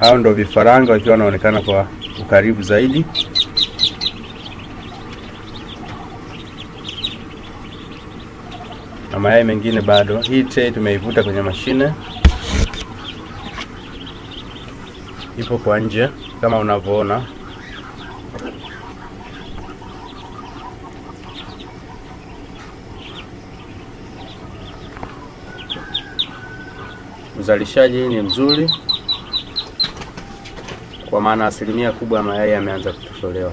Hao ndo vifaranga wakiwa wanaonekana kwa ukaribu zaidi. Na mayai mengine bado. Hii tray tumeivuta kwenye mashine, ipo kwa nje kama unavyoona. Uzalishaji ni mzuri kwa maana asilimia kubwa ya mayai yameanza kutotolewa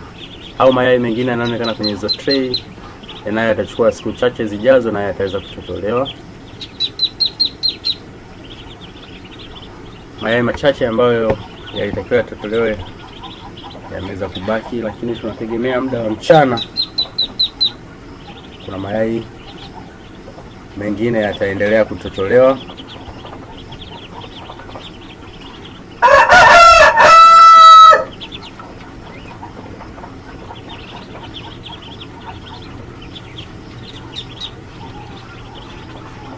au mayai mengine yanaonekana kwenye hizo tray, nayo yatachukua siku chache zijazo, nayo yataweza kutotolewa. Mayai machache ambayo yalitakiwa yatotolewe yameweza kubaki, lakini tunategemea muda wa mchana kuna mayai mengine yataendelea kutotolewa.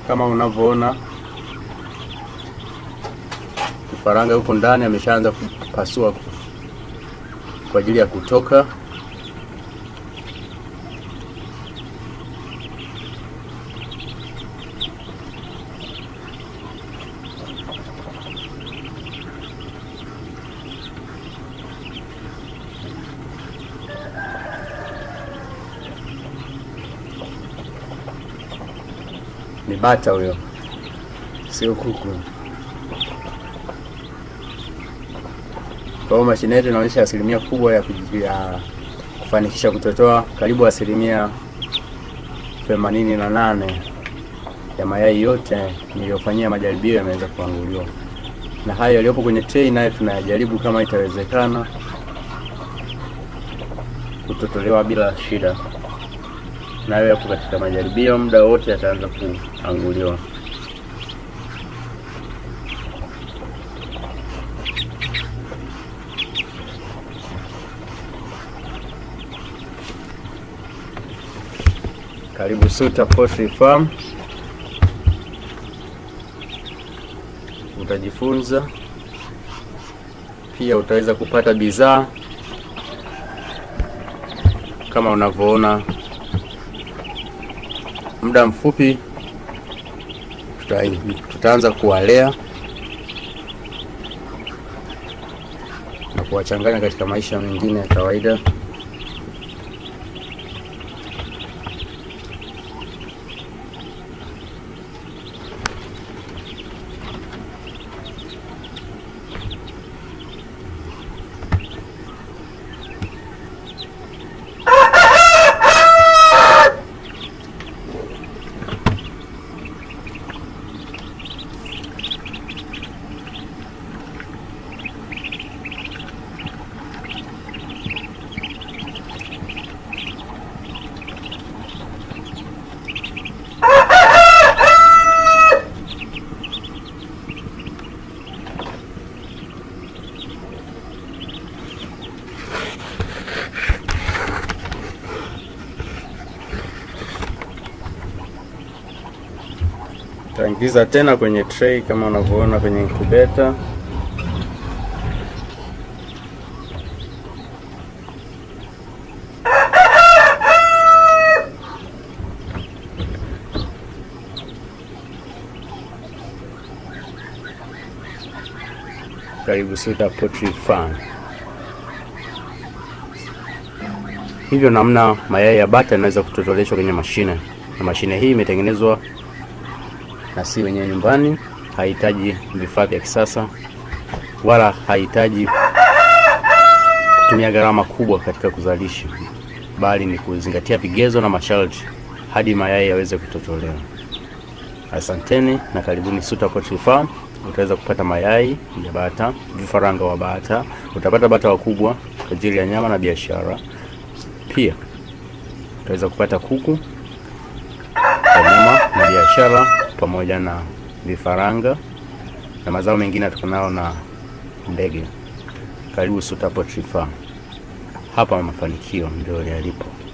kama unavyoona kifaranga huko ndani ameshaanza kupasua kwa ajili ya kutoka. Ni bata huyo, sio kuku. Kwa hiyo mashine yetu inaonyesha asilimia kubwa ya kujia, kufanikisha kutotoa karibu asilimia themanini na nane ya mayai yote niliyofanyia majaribio yameweza kuanguliwa, na hayo yaliyopo kwenye tray nayo tunayajaribu kama itawezekana kutotolewa bila shida nayo yako katika majaribio, muda wote ataanza kuanguliwa. Karibu Suta Poultry Farm, utajifunza pia, utaweza kupata bidhaa kama unavyoona muda mfupi tutaanza kuwalea na kuwachanganya katika maisha mengine ya kawaida. tangiza tena kwenye tray kama unavyoona kwenye incubator. Karibu Sita Poultry Farm. Hivyo namna mayai ya bata yanaweza kutotoleshwa kwenye mashine, na mashine hii imetengenezwa na si wenyewe nyumbani. Hahitaji vifaa vya kisasa wala hahitaji kutumia gharama kubwa katika kuzalisha, bali ni kuzingatia vigezo na masharti hadi mayai yaweze kutotolewa. Asanteni na karibuni Suta Poultry Farm. Utaweza kupata mayai ya bata, vifaranga wa bata, utapata bata wakubwa kwa ajili ya nyama na biashara. Pia utaweza kupata kuku kwa nyama na biashara pamoja na vifaranga na mazao mengine yatokanayo na ndege. Karibu Suta Poultry Farm. Hapa mafanikio ndio yalipo.